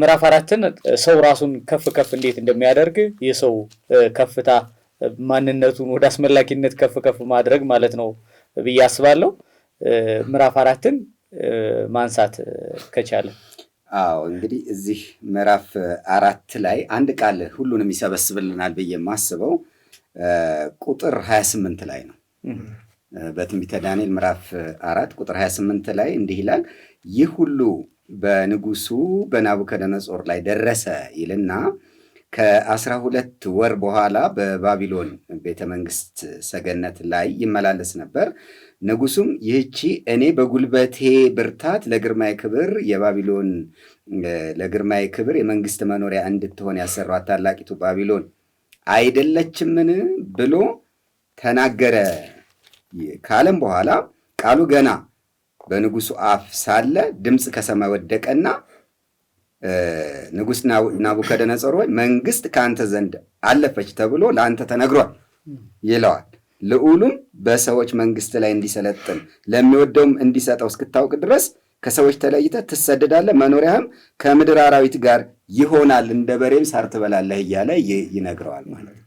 ምዕራፍ አራትን ሰው ራሱን ከፍ ከፍ እንዴት እንደሚያደርግ የሰው ከፍታ ማንነቱን ወደ አስመላኪነት ከፍ ከፍ ማድረግ ማለት ነው ብዬ አስባለሁ። ምዕራፍ አራትን ማንሳት ከቻለ አዎ እንግዲህ እዚህ ምዕራፍ አራት ላይ አንድ ቃል ሁሉንም ይሰበስብልናል ብዬ የማስበው ቁጥር 28 ላይ ነው። በትንቢተ ዳንኤል ምዕራፍ አራት ቁጥር 28 ላይ እንዲህ ይላል ይህ ሁሉ በንጉሱ በናቡከደነጾር ላይ ደረሰ ይልና ከአስራ ሁለት ወር በኋላ በባቢሎን ቤተ መንግስት ሰገነት ላይ ይመላለስ ነበር። ንጉሱም ይህቺ እኔ በጉልበቴ ብርታት ለግርማዬ ክብር የባቢሎን ለግርማይ ክብር የመንግስት መኖሪያ እንድትሆን ያሰሯት ታላቂቱ ባቢሎን አይደለችምን ብሎ ተናገረ ካለም በኋላ ቃሉ ገና በንጉሱ አፍ ሳለ ድምፅ ከሰማይ ወደቀና ንጉስ ናቡከደነጾር ሆይ መንግስት ከአንተ ዘንድ አለፈች ተብሎ ለአንተ ተነግሯል ይለዋል። ልዑሉም በሰዎች መንግስት ላይ እንዲሰለጥን ለሚወደውም እንዲሰጠው እስክታውቅ ድረስ ከሰዎች ተለይተህ ትሰደዳለህ፣ መኖሪያህም ከምድር አራዊት ጋር ይሆናል፣ እንደ በሬም ሳር ትበላለህ እያለ ይነግረዋል ማለት ነው።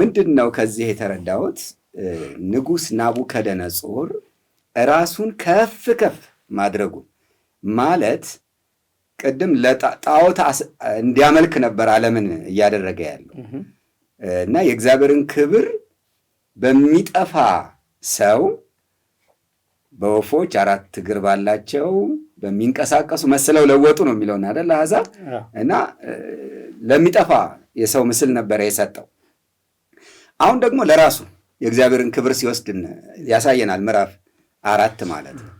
ምንድን ነው ከዚህ የተረዳሁት? ንጉስ ናቡከደነጾር ራሱን ከፍ ከፍ ማድረጉ ማለት ቅድም ለጣዖት እንዲያመልክ ነበር ዓለምን እያደረገ ያለው እና የእግዚአብሔርን ክብር በሚጠፋ ሰው በወፎች አራት እግር ባላቸው በሚንቀሳቀሱ መስለው ለወጡ ነው የሚለውን አደለ አሕዛብ እና ለሚጠፋ የሰው ምስል ነበረ የሰጠው። አሁን ደግሞ ለራሱ የእግዚአብሔርን ክብር ሲወስድ ያሳየናል ምዕራፍ አራት ማለት ነው።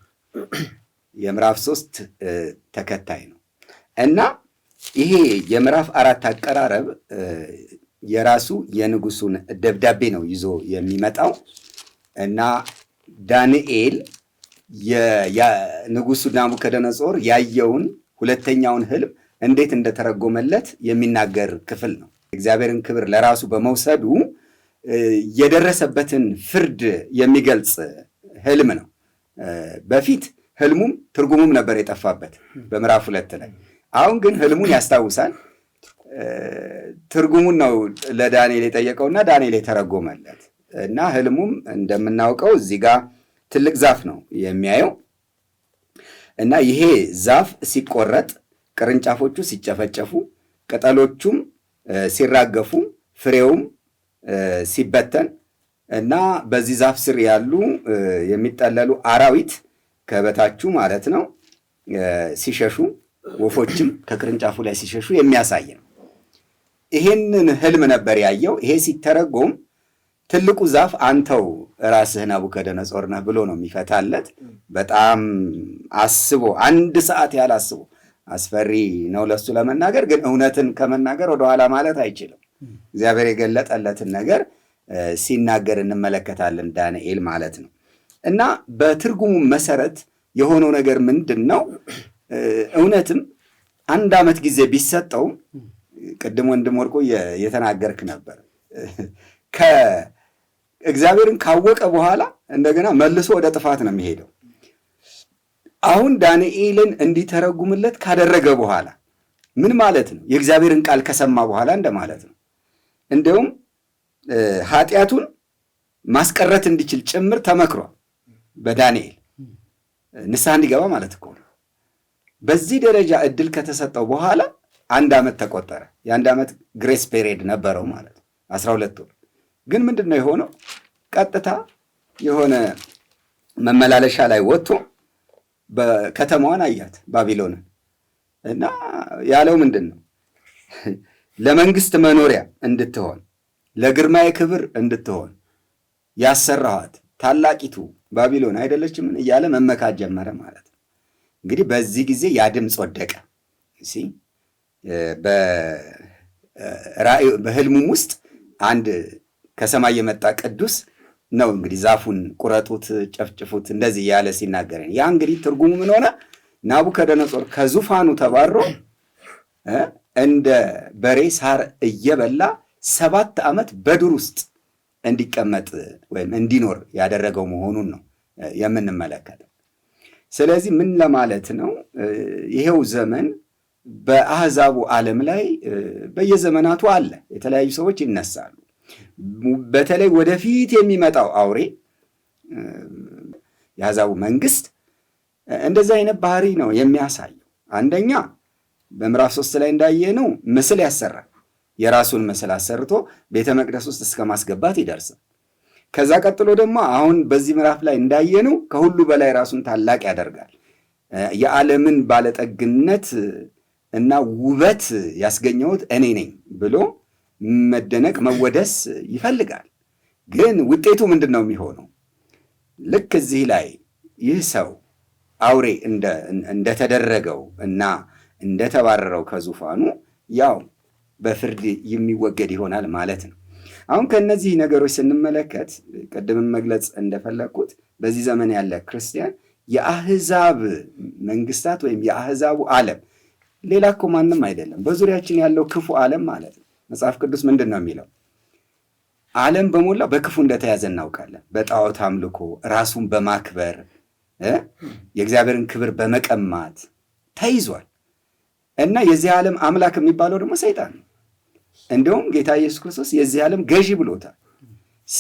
የምዕራፍ ሶስት ተከታይ ነው እና ይሄ የምዕራፍ አራት አቀራረብ የራሱ የንጉሱን ደብዳቤ ነው ይዞ የሚመጣው እና ዳንኤል ንጉሱ ናቡከደነጾር ያየውን ሁለተኛውን ህልም እንዴት እንደተረጎመለት የሚናገር ክፍል ነው። እግዚአብሔርን ክብር ለራሱ በመውሰዱ የደረሰበትን ፍርድ የሚገልጽ ህልም ነው። በፊት ህልሙም ትርጉሙም ነበር የጠፋበት በምዕራፍ ሁለት ላይ። አሁን ግን ህልሙን ያስታውሳል። ትርጉሙን ነው ለዳንኤል የጠየቀውና ዳንኤል የተረጎመለት እና ህልሙም እንደምናውቀው እዚህ ጋር ትልቅ ዛፍ ነው የሚያየው እና ይሄ ዛፍ ሲቆረጥ ቅርንጫፎቹ ሲጨፈጨፉ ቅጠሎቹም ሲራገፉ ፍሬውም ሲበተን እና በዚህ ዛፍ ስር ያሉ የሚጠለሉ አራዊት ከበታችሁ ማለት ነው ሲሸሹ፣ ወፎችም ከቅርንጫፉ ላይ ሲሸሹ የሚያሳይ ነው። ይሄንን ህልም ነበር ያየው። ይሄ ሲተረጎም ትልቁ ዛፍ አንተው ራስህ ናቡከደነጾር ነህ ብሎ ነው የሚፈታለት። በጣም አስቦ አንድ ሰዓት ያህል አስቦ አስፈሪ ነው ለሱ ለመናገር፣ ግን እውነትን ከመናገር ወደኋላ ማለት አይችልም። እግዚአብሔር የገለጠለትን ነገር ሲናገር እንመለከታለን። ዳንኤል ማለት ነው እና በትርጉሙ መሰረት የሆነው ነገር ምንድን ነው? እውነትም አንድ ዓመት ጊዜ ቢሰጠው ቅድም ወንድም ወርቆ የተናገርክ ነበር እግዚአብሔርን ካወቀ በኋላ እንደገና መልሶ ወደ ጥፋት ነው የሚሄደው። አሁን ዳንኤልን እንዲተረጉምለት ካደረገ በኋላ ምን ማለት ነው? የእግዚአብሔርን ቃል ከሰማ በኋላ እንደማለት ነው። እንዲሁም ኃጢአቱን ማስቀረት እንዲችል ጭምር ተመክሯል በዳንኤል ንስሐ እንዲገባ ማለት እኮ ነው። በዚህ ደረጃ እድል ከተሰጠው በኋላ አንድ ዓመት ተቆጠረ። የአንድ ዓመት ግሬስ ፔሬድ ነበረው ማለት ነው፣ አስራ ሁለት ወር። ግን ምንድን ነው የሆነው? ቀጥታ የሆነ መመላለሻ ላይ ወጥቶ ከተማዋን አያት ባቢሎንን። እና ያለው ምንድን ነው ለመንግስት መኖሪያ እንድትሆን ለግርማዬ ክብር እንድትሆን ያሰራኋት ታላቂቱ ባቢሎን አይደለችምን እያለ መመካት ጀመረ ማለት ነው። እንግዲህ በዚህ ጊዜ ያ ድምፅ ወደቀ። በህልሙም ውስጥ አንድ ከሰማይ የመጣ ቅዱስ ነው እንግዲህ ዛፉን ቁረጡት፣ ጨፍጭፉት እንደዚህ እያለ ሲናገረን ያ እንግዲህ ትርጉሙ ምን ሆነ? ናቡከደነጾር ከዙፋኑ ተባሮ እንደ በሬ ሳር እየበላ ሰባት ዓመት በዱር ውስጥ እንዲቀመጥ ወይም እንዲኖር ያደረገው መሆኑን ነው የምንመለከተው። ስለዚህ ምን ለማለት ነው? ይሄው ዘመን በአህዛቡ ዓለም ላይ በየዘመናቱ አለ። የተለያዩ ሰዎች ይነሳሉ። በተለይ ወደፊት የሚመጣው አውሬ የአህዛቡ መንግስት እንደዚህ አይነት ባህሪ ነው የሚያሳየው። አንደኛ በምዕራፍ ሶስት ላይ እንዳየነው ምስል ያሰራል። የራሱን ምስል አሰርቶ ቤተ መቅደስ ውስጥ እስከ ማስገባት ይደርሳል። ከዛ ቀጥሎ ደግሞ አሁን በዚህ ምዕራፍ ላይ እንዳየነው ከሁሉ በላይ ራሱን ታላቅ ያደርጋል። የዓለምን ባለጠግነት እና ውበት ያስገኘሁት እኔ ነኝ ብሎ መደነቅ መወደስ ይፈልጋል። ግን ውጤቱ ምንድን ነው የሚሆነው? ልክ እዚህ ላይ ይህ ሰው አውሬ እንደተደረገው እና እንደተባረረው ከዙፋኑ ያው በፍርድ የሚወገድ ይሆናል ማለት ነው። አሁን ከእነዚህ ነገሮች ስንመለከት ቅድምን መግለጽ እንደፈለግኩት በዚህ ዘመን ያለ ክርስቲያን የአህዛብ መንግስታት ወይም የአህዛቡ ዓለም ሌላ እኮ ማንም አይደለም፣ በዙሪያችን ያለው ክፉ ዓለም ማለት ነው። መጽሐፍ ቅዱስ ምንድን ነው የሚለው? ዓለም በሞላ በክፉ እንደተያዘ እናውቃለን። በጣዖት አምልኮ ራሱን በማክበር የእግዚአብሔርን ክብር በመቀማት ተይዟል። እና የዚህ ዓለም አምላክ የሚባለው ደግሞ ሰይጣን ነው። እንደውም ጌታ ኢየሱስ ክርስቶስ የዚህ ዓለም ገዢ ብሎታል።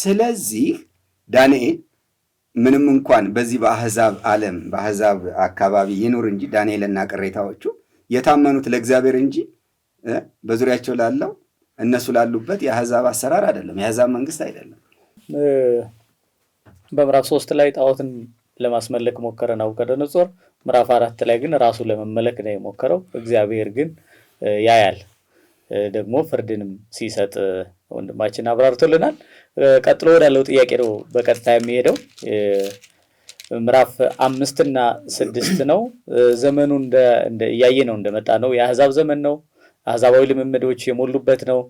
ስለዚህ ዳንኤል ምንም እንኳን በዚህ በአህዛብ ዓለም በአህዛብ አካባቢ ይኑር እንጂ ዳንኤልና ቅሬታዎቹ የታመኑት ለእግዚአብሔር እንጂ በዙሪያቸው ላለው እነሱ ላሉበት የአህዛብ አሰራር አይደለም፣ የአህዛብ መንግስት አይደለም። በምዕራፍ ሶስት ላይ ጣዖትን ለማስመለክ ሞከረ ናቡከደነጾር ምዕራፍ አራት ላይ ግን ራሱ ለመመለክ ነው የሞከረው። እግዚአብሔር ግን ያያል ደግሞ ፍርድንም ሲሰጥ ወንድማችን አብራርቶልናል። ቀጥሎ ወዳለው ጥያቄ ነው በቀጥታ የሚሄደው ምዕራፍ አምስትና ስድስት ነው። ዘመኑ እያየ ነው እንደመጣ ነው። የአህዛብ ዘመን ነው። አህዛባዊ ልምምዶች የሞሉበት ነው።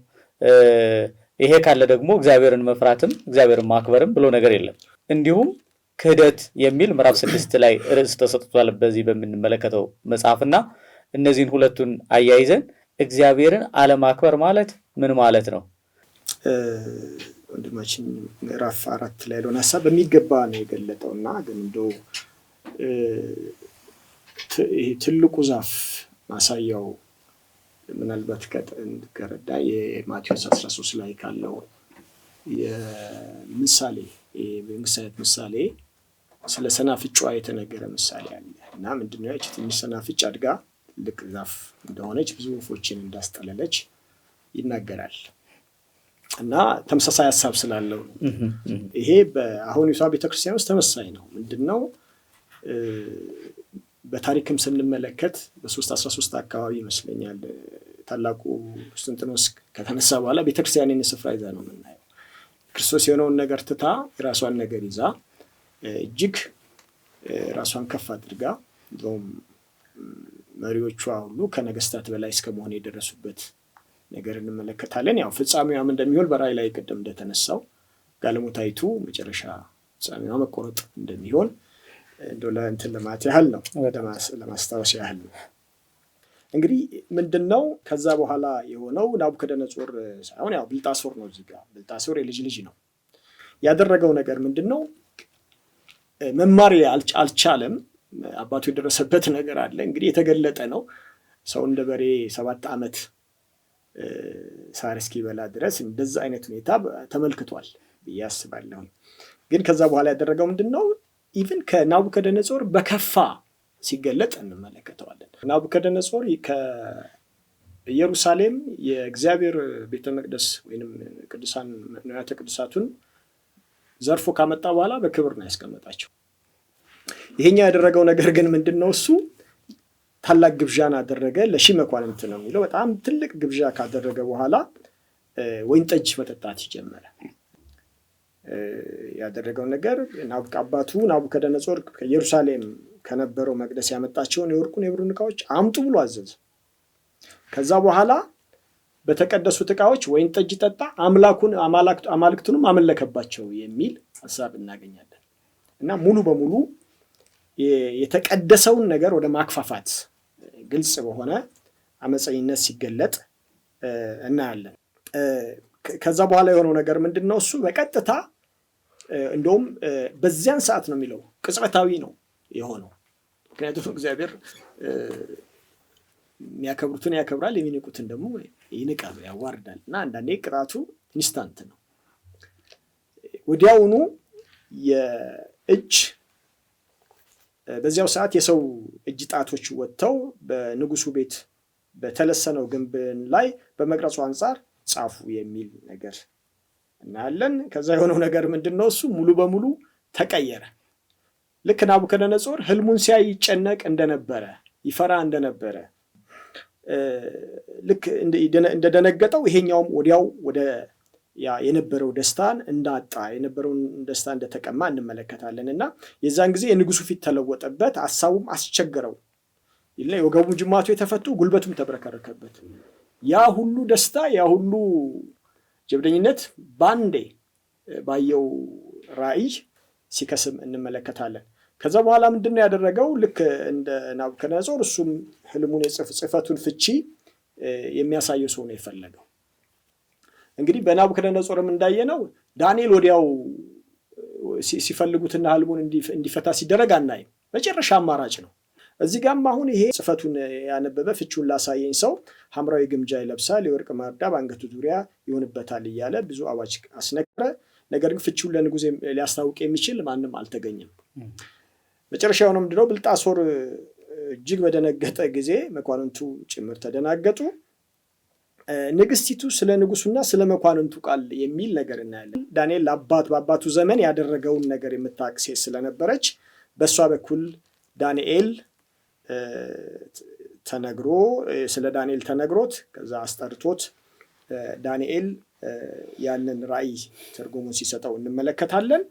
ይሄ ካለ ደግሞ እግዚአብሔርን መፍራትም እግዚአብሔርን ማክበርም ብሎ ነገር የለም። እንዲሁም ክህደት የሚል ምዕራፍ ስድስት ላይ ርዕስ ተሰጥቷል በዚህ በምንመለከተው መጽሐፍና እነዚህን ሁለቱን አያይዘን እግዚአብሔርን አለማክበር ማለት ምን ማለት ነው? ወንድማችን ምዕራፍ አራት ላይ ለሆነ ሀሳብ በሚገባ ነው የገለጠው እና ግን እንደው ትልቁ ዛፍ ማሳያው ምናልባት ከረዳ የማቴዎስ 13 ላይ ካለው የምሳሌ የመንግስት አይነት ምሳሌ ስለ ሰናፍጯ የተነገረ ምሳሌ አለ እና ምንድነው ያች ትንሽ ሰናፍጭ አድጋ ትልቅ ዛፍ እንደሆነች ብዙ ወፎችን እንዳስጠለለች ይናገራል። እና ተመሳሳይ ሀሳብ ስላለው ይሄ በአሁን ሳ ቤተክርስቲያን ውስጥ ተመሳሳይ ነው። ምንድነው በታሪክም ስንመለከት በሶስት አስራ አካባቢ ይመስለኛል ታላቁ ቁስጥንጥኖስ ከተነሳ በኋላ ቤተክርስቲያን ስፍራ ይዛ ነው የምናየው። ክርስቶስ የሆነውን ነገር ትታ የራሷን ነገር ይዛ እጅግ ራሷን ከፍ አድርጋ እንደውም መሪዎቿ ሁሉ ከነገስታት በላይ እስከ መሆን የደረሱበት ነገር እንመለከታለን። ያው ፍጻሜዋም እንደሚሆን በራእይ ላይ ቅድም እንደተነሳው ጋለሞታይቱ መጨረሻ ፍጻሜዋ መቆረጥ እንደሚሆን እንደ ለእንትን ለማለት ያህል ነው፣ ለማስታወስ ያህል ነው። እንግዲህ ምንድን ነው ከዛ በኋላ የሆነው ናቡከደነጾር ሳይሆን ያው ብልጣሶር ነው። እዚህ ጋር ብልጣሶር የልጅ ልጅ ነው። ያደረገው ነገር ምንድን ነው? መማር አልቻለም። አባቱ የደረሰበት ነገር አለ እንግዲህ የተገለጠ ነው። ሰው እንደ በሬ ሰባት ዓመት ሳር እስኪበላ ድረስ እንደዛ አይነት ሁኔታ ተመልክቷል ብዬ አስባለሁ። ግን ከዛ በኋላ ያደረገው ምንድን ነው? ኢቭን ከናቡከደነጾር በከፋ ሲገለጥ እንመለከተዋለን። ናቡከደነጾር ከኢየሩሳሌም የእግዚአብሔር ቤተ መቅደስ ወይም ቅዱሳን ንዋያተ ቅዱሳቱን ዘርፎ ካመጣ በኋላ በክብር ነው ያስቀመጣቸው። ይሄኛው ያደረገው ነገር ግን ምንድን ነው? እሱ ታላቅ ግብዣን አደረገ። ለሺ መኳንንት ነው የሚለው። በጣም ትልቅ ግብዣ ካደረገ በኋላ ወይን ጠጅ መጠጣት ይጀመረ። ያደረገው ነገር አባቱ ናቡከደነጾር ከኢየሩሳሌም ከነበረው መቅደስ ያመጣቸውን የወርቁን የብሩን እቃዎች አምጡ ብሎ አዘዘ። ከዛ በኋላ በተቀደሱት እቃዎች ወይን ጠጅ ጠጣ፣ አምላኩን አማልክቱንም አመለከባቸው የሚል ሀሳብ እናገኛለን እና ሙሉ በሙሉ የተቀደሰውን ነገር ወደ ማክፋፋት ግልጽ በሆነ አመፀኝነት ሲገለጥ እናያለን። ከዛ በኋላ የሆነው ነገር ምንድን ነው? እሱ በቀጥታ እንደውም በዚያን ሰዓት ነው የሚለው ቅጽበታዊ ነው የሆነው። ምክንያቱም እግዚአብሔር የሚያከብሩትን ያከብራል፣ የሚንቁትን ደግሞ ይንቃል፣ ያዋርዳል። እና አንዳንዴ ቅጣቱ ኢንስታንት ነው። ወዲያውኑ የእጅ በዚያው ሰዓት የሰው እጅ ጣቶች ወጥተው በንጉሱ ቤት በተለሰነው ግንብ ላይ በመቅረጹ አንጻር ጻፉ የሚል ነገር እናያለን። ከዛ የሆነው ነገር ምንድን ነው? እሱ ሙሉ በሙሉ ተቀየረ። ልክ ናቡከደነጾር ህልሙን ሲያይ ይጨነቅ እንደነበረ ይፈራ እንደነበረ ልክ እንደደነገጠው ይሄኛውም ወዲያው ወደ ያ የነበረው ደስታን እንዳጣ የነበረውን ደስታ እንደተቀማ እንመለከታለን እና የዛን ጊዜ የንጉሱ ፊት ተለወጠበት፣ ሀሳቡም አስቸገረው ይልና የወገቡም ጅማቱ የተፈቱ ጉልበቱም ተብረከረከበት። ያ ሁሉ ደስታ ያ ሁሉ ጀብደኝነት ባንዴ ባየው ራዕይ ሲከስም እንመለከታለን። ከዛ በኋላ ምንድነው ያደረገው? ልክ እንደ ናቡከደነጾር እሱም ህልሙን ጽህፈቱን ፍቺ የሚያሳየው ሰው ነው የፈለገው። እንግዲህ በናቡከደነጾርም እንዳየነው ዳንኤል ወዲያው ሲፈልጉትና ህልሙን እንዲፈታ ሲደረግ አናይም። መጨረሻ አማራጭ ነው። እዚህ ጋም አሁን ይሄ ጽፈቱን ያነበበ ፍቺውን ላሳየኝ ሰው ሐምራዊ ግምጃ ይለብሳል፣ የወርቅ ማርዳ በአንገቱ ዙሪያ ይሆንበታል እያለ ብዙ አዋጅ አስነገረ። ነገር ግን ፍቺውን ለንጉሥ ሊያስታውቅ የሚችል ማንም አልተገኘም። የሆነው ምንድነው? ብልጣሶር እጅግ በደነገጠ ጊዜ መኳንንቱ ጭምር ተደናገጡ። ንግስቲቱ ስለ ንጉሱና ስለ መኳንንቱ ቃል የሚል ነገር እናያለን። ዳንኤል አባት በአባቱ ዘመን ያደረገውን ነገር የምታውቅ ሴት ስለነበረች በእሷ በኩል ዳንኤል ተነግሮ ስለ ዳንኤል ተነግሮት ከዛ አስጠርቶት ዳንኤል ያንን ራእይ ትርጉሙን ሲሰጠው እንመለከታለን።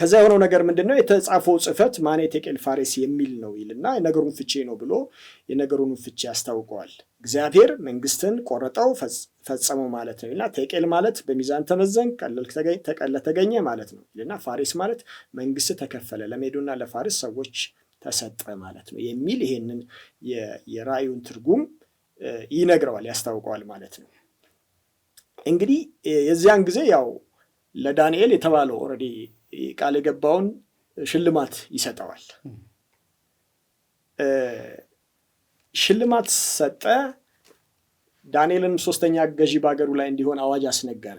ከዛ የሆነው ነገር ምንድን ነው? የተጻፈው ጽፈት ማኔ ፋሬስ የሚል ነው ይልና የነገሩን ፍቼ ነው ብሎ የነገሩን ፍቼ ያስታውቀዋል። እግዚአብሔር መንግስትን ቆረጠው ፈጸመው ማለት ነው ይልና ቴቄል ማለት በሚዛን ተመዘን ቀለል ተገኘ ማለት ነው ይልና ፋሬስ ማለት መንግስት ተከፈለ ለሜዱና ለፋሬስ ሰዎች ተሰጠ ማለት ነው የሚል ይሄንን የራእዩን ትርጉም ይነግረዋል፣ ያስታውቀዋል ማለት ነው። እንግዲህ የዚያን ጊዜ ያው ለዳንኤል የተባለው ኦልሬዲ ቃል የገባውን ሽልማት ይሰጠዋል። ሽልማት ሰጠ። ዳንኤልን ሶስተኛ ገዢ በሀገሩ ላይ እንዲሆን አዋጅ አስነገረ።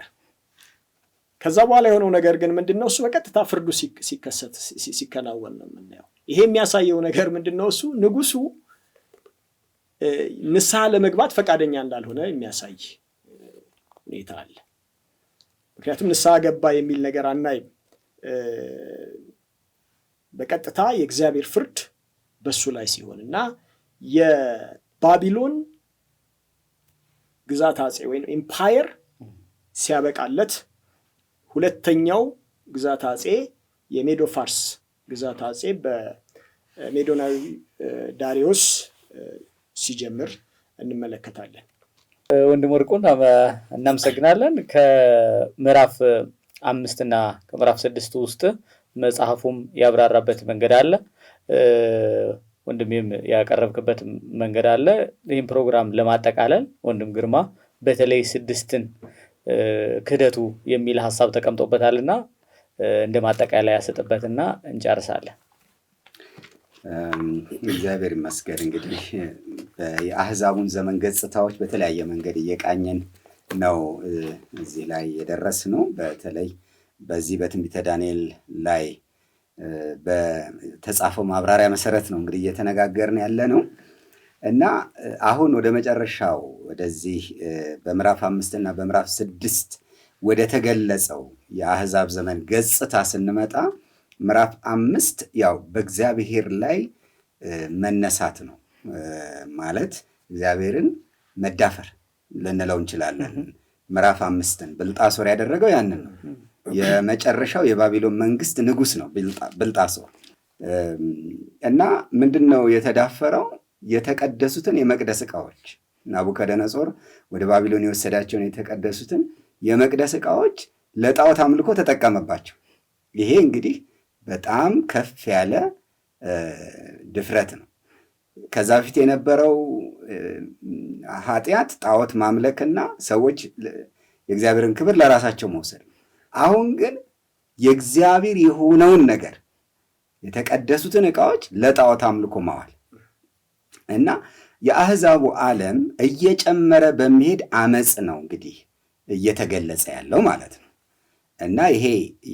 ከዛ በኋላ የሆነው ነገር ግን ምንድን ነው? እሱ በቀጥታ ፍርዱ ሲከሰት ሲከናወን ነው የምናየው። ይሄ የሚያሳየው ነገር ምንድን ነው? እሱ ንጉሱ ንስሐ ለመግባት ፈቃደኛ እንዳልሆነ የሚያሳይ ሁኔታ አለ። ምክንያቱም ንስሐ ገባ የሚል ነገር አናይም። በቀጥታ የእግዚአብሔር ፍርድ በሱ ላይ ሲሆን እና የባቢሎን ግዛት አጼ ወይም ኤምፓየር ሲያበቃለት ሁለተኛው ግዛት አጼ የሜዶ ፋርስ ግዛት አጼ በሜዶናዊ ዳሪዎስ ሲጀምር እንመለከታለን። ወንድም ወርቁን እናመሰግናለን። ከምዕራፍ አምስትና ከምዕራፍ ስድስት ውስጥ መጽሐፉም ያብራራበት መንገድ አለ። ወንድሜም ያቀረብክበት መንገድ አለ። ይህም ፕሮግራም ለማጠቃለል ወንድም ግርማ በተለይ ስድስትን ክህደቱ የሚል ሀሳብ ተቀምጦበታልና እንደ ማጠቃለያ ስጥበትና እንጨርሳለን። እግዚአብሔር ይመስገን እንግዲህ የአህዛቡን ዘመን ገጽታዎች በተለያየ መንገድ እየቃኘን ነው እዚህ ላይ የደረስ ነው። በተለይ በዚህ በትንቢተ ዳንኤል ላይ በተጻፈው ማብራሪያ መሰረት ነው እንግዲህ እየተነጋገርን ያለ ነው እና አሁን ወደ መጨረሻው ወደዚህ በምዕራፍ አምስት እና በምዕራፍ ስድስት ወደ ተገለጸው የአህዛብ ዘመን ገጽታ ስንመጣ ምዕራፍ አምስት ያው በእግዚአብሔር ላይ መነሳት ነው ማለት እግዚአብሔርን መዳፈር ልንለው እንችላለን። ምዕራፍ አምስትን ብልጣሶር ያደረገው ያንን ነው። የመጨረሻው የባቢሎን መንግስት ንጉስ ነው ብልጣሶር። እና ምንድን ነው የተዳፈረው? የተቀደሱትን የመቅደስ እቃዎች ናቡከደነጾር ወደ ባቢሎን የወሰዳቸውን የተቀደሱትን የመቅደስ እቃዎች ለጣዖት አምልኮ ተጠቀመባቸው። ይሄ እንግዲህ በጣም ከፍ ያለ ድፍረት ነው። ከዛ በፊት የነበረው ኃጢአት ጣዖት ማምለክና ሰዎች የእግዚአብሔርን ክብር ለራሳቸው መውሰድ። አሁን ግን የእግዚአብሔር የሆነውን ነገር የተቀደሱትን እቃዎች ለጣዖት አምልኮ ማዋል እና የአህዛቡ ዓለም እየጨመረ በሚሄድ አመፅ ነው እንግዲህ እየተገለጸ ያለው ማለት ነው። እና ይሄ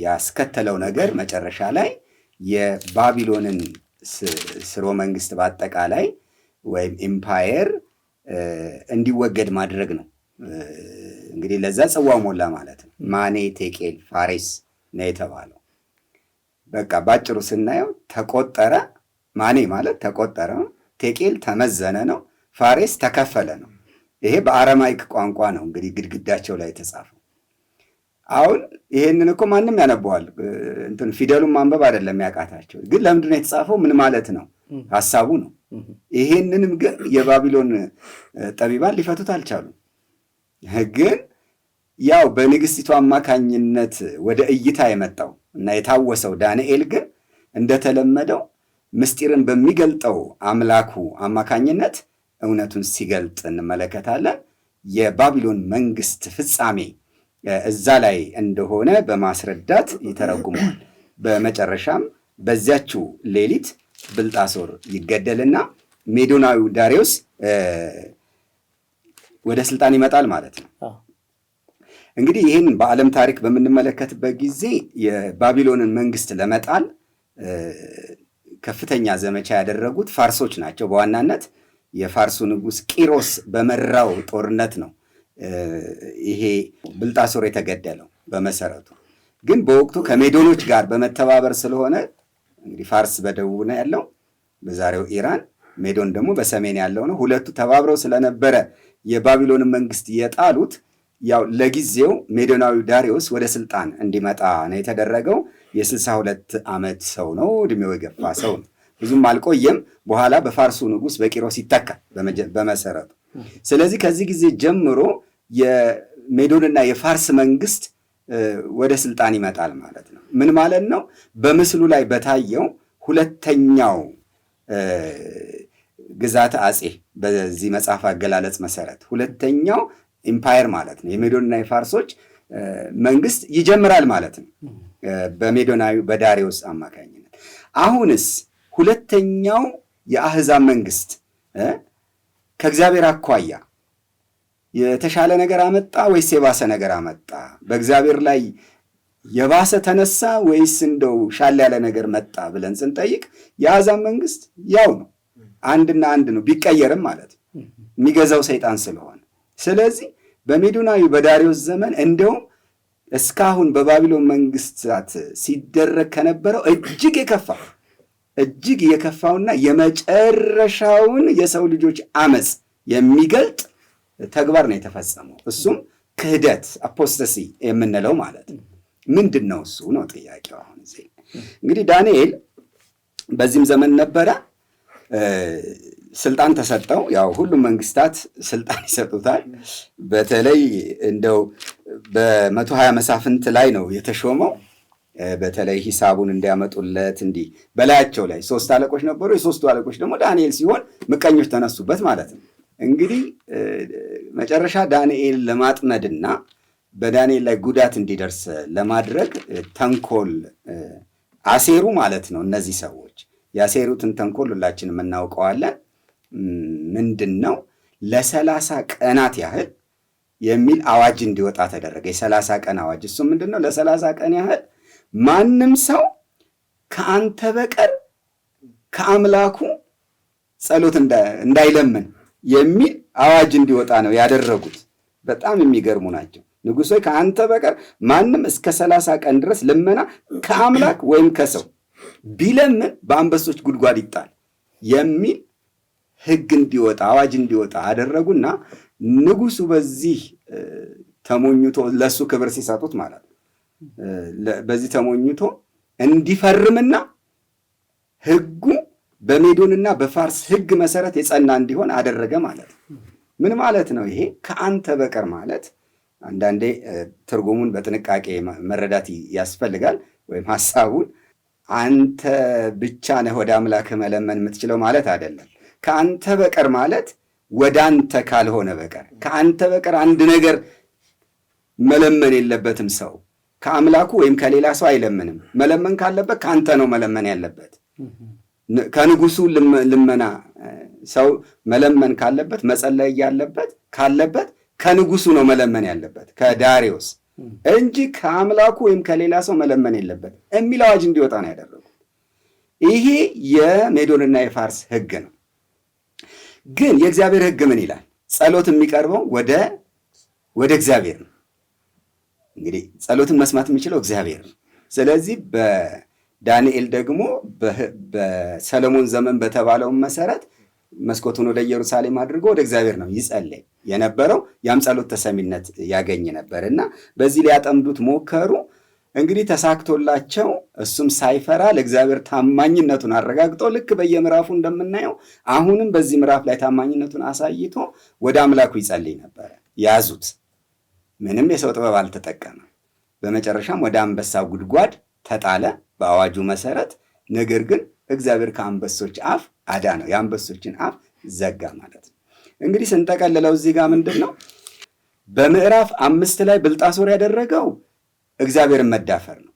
ያስከተለው ነገር መጨረሻ ላይ የባቢሎንን ስርወ መንግስት በአጠቃላይ ወይም ኢምፓየር እንዲወገድ ማድረግ ነው። እንግዲህ ለዛ ጽዋ ሞላ ማለት ነው። ማኔ ቴቄል ፋሬስ ነው የተባለው። በቃ ባጭሩ ስናየው ተቆጠረ። ማኔ ማለት ተቆጠረ ነው። ቴቄል ተመዘነ ነው። ፋሬስ ተከፈለ ነው። ይሄ በአረማይክ ቋንቋ ነው እንግዲህ ግድግዳቸው ላይ የተጻፈው። አሁን ይሄንን እኮ ማንም ያነበዋል። እንትን ፊደሉን ማንበብ አይደለም ያቃታቸው፣ ግን ለምንድን ነው የተጻፈው? ምን ማለት ነው? ሀሳቡ ነው። ይሄንንም ግን የባቢሎን ጠቢባን ሊፈቱት አልቻሉም። ግን ያው በንግስቲቱ አማካኝነት ወደ እይታ የመጣው እና የታወሰው ዳንኤል ግን እንደተለመደው ምስጢርን በሚገልጠው አምላኩ አማካኝነት እውነቱን ሲገልጥ እንመለከታለን። የባቢሎን መንግስት ፍጻሜ እዛ ላይ እንደሆነ በማስረዳት ይተረጉመዋል። በመጨረሻም በዚያችው ሌሊት ብልጣሶር ይገደልና ሜዶናዊ ዳሪዮስ ወደ ስልጣን ይመጣል ማለት ነው። እንግዲህ ይህን በዓለም ታሪክ በምንመለከትበት ጊዜ የባቢሎንን መንግስት ለመጣል ከፍተኛ ዘመቻ ያደረጉት ፋርሶች ናቸው። በዋናነት የፋርሱ ንጉስ ቂሮስ በመራው ጦርነት ነው ይሄ ብልጣሶር የተገደለው በመሰረቱ ግን በወቅቱ ከሜዶኖች ጋር በመተባበር ስለሆነ እንግዲህ ፋርስ በደቡብ ነው ያለው፣ በዛሬው ኢራን፣ ሜዶን ደግሞ በሰሜን ያለው ነው። ሁለቱ ተባብረው ስለነበረ የባቢሎን መንግስት የጣሉት ያው ለጊዜው ሜዶናዊ ዳሪዎስ ወደ ስልጣን እንዲመጣ ነው የተደረገው። የስልሳ ሁለት ዓመት ሰው ነው፣ እድሜው የገፋ ሰው ነው። ብዙም አልቆየም። በኋላ በፋርሱ ንጉስ በቂሮስ ይተካል በመሰረቱ። ስለዚህ ከዚህ ጊዜ ጀምሮ የሜዶንና የፋርስ መንግስት ወደ ስልጣን ይመጣል ማለት ነው። ምን ማለት ነው? በምስሉ ላይ በታየው ሁለተኛው ግዛት አጼ በዚህ መጽሐፍ አገላለጽ መሰረት ሁለተኛው ኢምፓየር ማለት ነው። የሜዶንና የፋርሶች መንግስት ይጀምራል ማለት ነው በሜዶናዊ በዳሪዮስ አማካኝነት። አሁንስ ሁለተኛው የአህዛብ መንግስት ከእግዚአብሔር አኳያ የተሻለ ነገር አመጣ ወይስ የባሰ ነገር አመጣ? በእግዚአብሔር ላይ የባሰ ተነሳ ወይስ እንደው ሻል ያለ ነገር መጣ ብለን ስንጠይቅ የአሕዛብ መንግስት ያው ነው፣ አንድና አንድ ነው፣ ቢቀየርም ማለት ነው የሚገዛው ሰይጣን ስለሆነ። ስለዚህ በሜዶናዊ በዳሪዎስ ዘመን እንደውም እስካሁን በባቢሎን መንግስታት ሲደረግ ከነበረው እጅግ የከፋ እጅግ የከፋውና የመጨረሻውን የሰው ልጆች አመፅ የሚገልጥ ተግባር ነው የተፈጸመው። እሱም ክህደት አፖስተሲ የምንለው ማለት ነው። ምንድን ነው እሱ ነው ጥያቄው። አሁን እዚህ እንግዲህ ዳንኤል በዚህም ዘመን ነበረ ስልጣን ተሰጠው። ያው ሁሉም መንግስታት ስልጣን ይሰጡታል። በተለይ እንደው በመቶ ሀያ መሳፍንት ላይ ነው የተሾመው። በተለይ ሂሳቡን እንዲያመጡለት እንዲህ በላያቸው ላይ ሶስት አለቆች ነበሩ። የሶስቱ አለቆች ደግሞ ዳንኤል ሲሆን ምቀኞች ተነሱበት ማለት ነው። እንግዲህ መጨረሻ ዳንኤል ለማጥመድና በዳንኤል ላይ ጉዳት እንዲደርስ ለማድረግ ተንኮል አሴሩ ማለት ነው። እነዚህ ሰዎች ያሴሩትን ተንኮል ሁላችንም እናውቀዋለን። ምንድን ነው? ለሰላሳ ቀናት ያህል የሚል አዋጅ እንዲወጣ ተደረገ። የሰላሳ ቀን አዋጅ። እሱ ምንድን ነው? ለሰላሳ ቀን ያህል ማንም ሰው ከአንተ በቀር ከአምላኩ ጸሎት እንዳይለምን የሚል አዋጅ እንዲወጣ ነው ያደረጉት። በጣም የሚገርሙ ናቸው። ንጉሥ ሆይ ከአንተ በቀር ማንም እስከ ሰላሳ ቀን ድረስ ልመና ከአምላክ ወይም ከሰው ቢለምን በአንበሶች ጉድጓድ ይጣል የሚል ሕግ እንዲወጣ አዋጅ እንዲወጣ አደረጉና ንጉሱ በዚህ ተሞኝቶ ለእሱ ክብር ሲሰጡት ማለት ነው። በዚህ ተሞኝቶ እንዲፈርምና ህጉ። በሜዶንና በፋርስ ህግ መሰረት የጸና እንዲሆን አደረገ ማለት ነው። ምን ማለት ነው ይሄ? ከአንተ በቀር ማለት አንዳንዴ ትርጉሙን በጥንቃቄ መረዳት ያስፈልጋል። ወይም ሀሳቡን አንተ ብቻ ነህ ወደ አምላክ መለመን የምትችለው ማለት አይደለም። ከአንተ በቀር ማለት ወደ አንተ ካልሆነ በቀር ከአንተ በቀር አንድ ነገር መለመን የለበትም ሰው ከአምላኩ ወይም ከሌላ ሰው አይለምንም። መለመን ካለበት ከአንተ ነው መለመን ያለበት። ከንጉሱ ልመና ሰው መለመን ካለበት መጸለይ ያለበት ካለበት ከንጉሱ ነው መለመን ያለበት ከዳሪዎስ እንጂ ከአምላኩ ወይም ከሌላ ሰው መለመን የለበት የሚል አዋጅ እንዲወጣ ነው ያደረጉት። ይሄ የሜዶንና የፋርስ ህግ ነው። ግን የእግዚአብሔር ህግ ምን ይላል? ጸሎት የሚቀርበው ወደ ወደ እግዚአብሔር ነው። እንግዲህ ጸሎትን መስማት የሚችለው እግዚአብሔር ነው። ስለዚህ ዳንኤል ደግሞ በሰለሞን ዘመን በተባለው መሰረት መስኮቱን ወደ ኢየሩሳሌም አድርጎ ወደ እግዚአብሔር ነው ይጸልይ የነበረው። ያም ጸሎት ተሰሚነት ያገኝ ነበር እና በዚህ ሊያጠምዱት ሞከሩ። እንግዲህ ተሳክቶላቸው እሱም ሳይፈራ ለእግዚአብሔር ታማኝነቱን አረጋግጦ ልክ በየምዕራፉ እንደምናየው አሁንም በዚህ ምዕራፍ ላይ ታማኝነቱን አሳይቶ ወደ አምላኩ ይጸልይ ነበረ። ያዙት። ምንም የሰው ጥበብ አልተጠቀመም። በመጨረሻም ወደ አንበሳ ጉድጓድ ተጣለ በአዋጁ መሰረት። ነገር ግን እግዚአብሔር ከአንበሶች አፍ አዳ ነው የአንበሶችን አፍ ዘጋ ማለት ነው። እንግዲህ ስንጠቀልለው እዚህ ጋር ምንድን ነው በምዕራፍ አምስት ላይ ብልጣሶር ያደረገው እግዚአብሔርን መዳፈር ነው።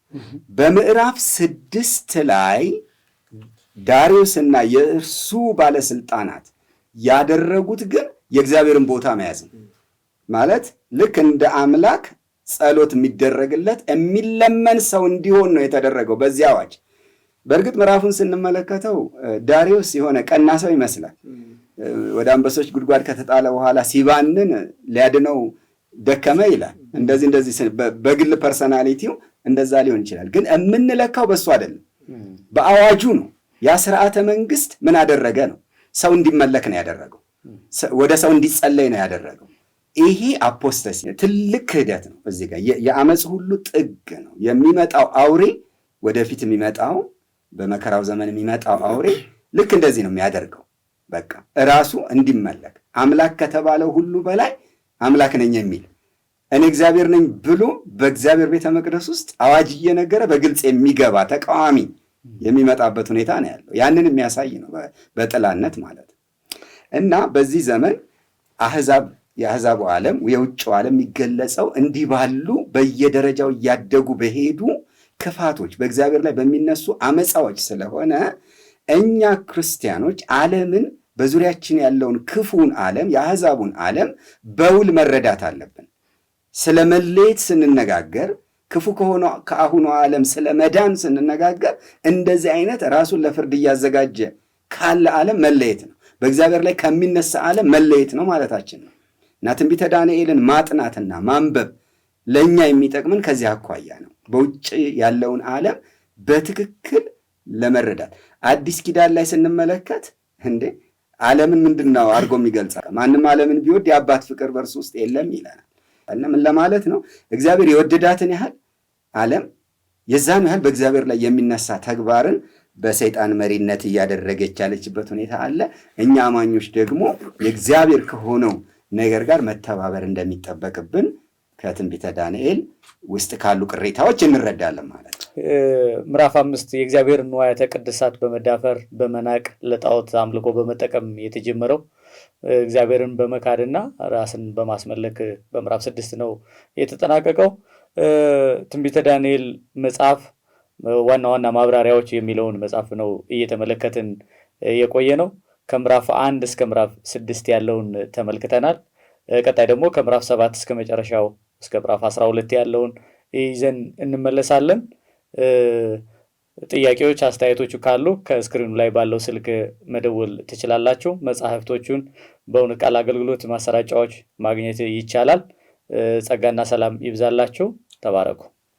በምዕራፍ ስድስት ላይ ዳሪዮስና የእርሱ ባለስልጣናት ያደረጉት ግን የእግዚአብሔርን ቦታ መያዝ ነው ማለት ልክ እንደ አምላክ ጸሎት የሚደረግለት የሚለመን ሰው እንዲሆን ነው የተደረገው በዚህ አዋጅ። በእርግጥ ምዕራፉን ስንመለከተው ዳሪዮስ የሆነ ቀና ሰው ይመስላል። ወደ አንበሶች ጉድጓድ ከተጣለ በኋላ ሲባንን ሊያድነው ደከመ ይላል። እንደዚህ እንደዚህ በግል ፐርሰናሊቲው እንደዛ ሊሆን ይችላል። ግን የምንለካው በሱ አይደለም፣ በአዋጁ ነው። ያ ስርዓተ መንግስት ምን አደረገ ነው ሰው እንዲመለክ ነው ያደረገው። ወደ ሰው እንዲጸለይ ነው ያደረገው። ይሄ አፖስተሲ ትልቅ ክህደት ነው። እዚህ ጋር የአመፅ ሁሉ ጥግ ነው የሚመጣው አውሬ ወደፊት የሚመጣው በመከራው ዘመን የሚመጣው አውሬ ልክ እንደዚህ ነው የሚያደርገው። በቃ እራሱ እንዲመለክ አምላክ ከተባለው ሁሉ በላይ አምላክ ነኝ የሚል እኔ እግዚአብሔር ነኝ ብሎ በእግዚአብሔር ቤተ መቅደስ ውስጥ አዋጅ እየነገረ በግልጽ የሚገባ ተቃዋሚ የሚመጣበት ሁኔታ ነው ያለው። ያንን የሚያሳይ ነው በጥላነት ማለት እና በዚህ ዘመን አህዛብ የአህዛቡ ዓለም የውጭው ዓለም የሚገለጸው እንዲህ ባሉ በየደረጃው እያደጉ በሄዱ ክፋቶች በእግዚአብሔር ላይ በሚነሱ አመፃዎች ስለሆነ እኛ ክርስቲያኖች ዓለምን በዙሪያችን ያለውን ክፉን ዓለም የአህዛቡን ዓለም በውል መረዳት አለብን። ስለ መለየት ስንነጋገር ክፉ ከሆነ ከአሁኑ ዓለም ስለ መዳን ስንነጋገር እንደዚህ አይነት ራሱን ለፍርድ እያዘጋጀ ካለ ዓለም መለየት ነው። በእግዚአብሔር ላይ ከሚነሳ ዓለም መለየት ነው ማለታችን ነው። እና ትንቢተ ዳንኤልን ማጥናትና ማንበብ ለእኛ የሚጠቅምን ከዚህ አኳያ ነው። በውጭ ያለውን ዓለም በትክክል ለመረዳት አዲስ ኪዳን ላይ ስንመለከት እንዴ ዓለምን ምንድን ነው አድርጎም ማንም ዓለምን ቢወድ የአባት ፍቅር በእርሱ ውስጥ የለም ይለናል። ምን ለማለት ነው? እግዚአብሔር የወደዳትን ያህል ዓለም የዛን ያህል በእግዚአብሔር ላይ የሚነሳ ተግባርን በሰይጣን መሪነት እያደረገች ያለችበት ሁኔታ አለ። እኛ አማኞች ደግሞ የእግዚአብሔር ከሆነው ነገር ጋር መተባበር እንደሚጠበቅብን ከትንቢተ ዳንኤል ውስጥ ካሉ ቅሬታዎች እንረዳለን ማለት ነው። ምዕራፍ አምስት የእግዚአብሔርን ንዋያተ ቅድሳት በመዳፈር በመናቅ ለጣዖት አምልኮ በመጠቀም የተጀመረው እግዚአብሔርን በመካድና ራስን በማስመለክ በምዕራፍ ስድስት ነው የተጠናቀቀው። ትንቢተ ዳንኤል መጽሐፍ ዋና ዋና ማብራሪያዎች የሚለውን መጽሐፍ ነው እየተመለከትን የቆየ ነው። ከምዕራፍ አንድ እስከ ምዕራፍ ስድስት ያለውን ተመልክተናል። ቀጣይ ደግሞ ከምዕራፍ ሰባት እስከ መጨረሻው እስከ ምዕራፍ አስራ ሁለት ያለውን ይዘን እንመለሳለን። ጥያቄዎች፣ አስተያየቶቹ ካሉ ከስክሪኑ ላይ ባለው ስልክ መደወል ትችላላችሁ። መጽሐፍቶቹን በእውነት ቃል አገልግሎት ማሰራጫዎች ማግኘት ይቻላል። ጸጋና ሰላም ይብዛላችሁ። ተባረኩ።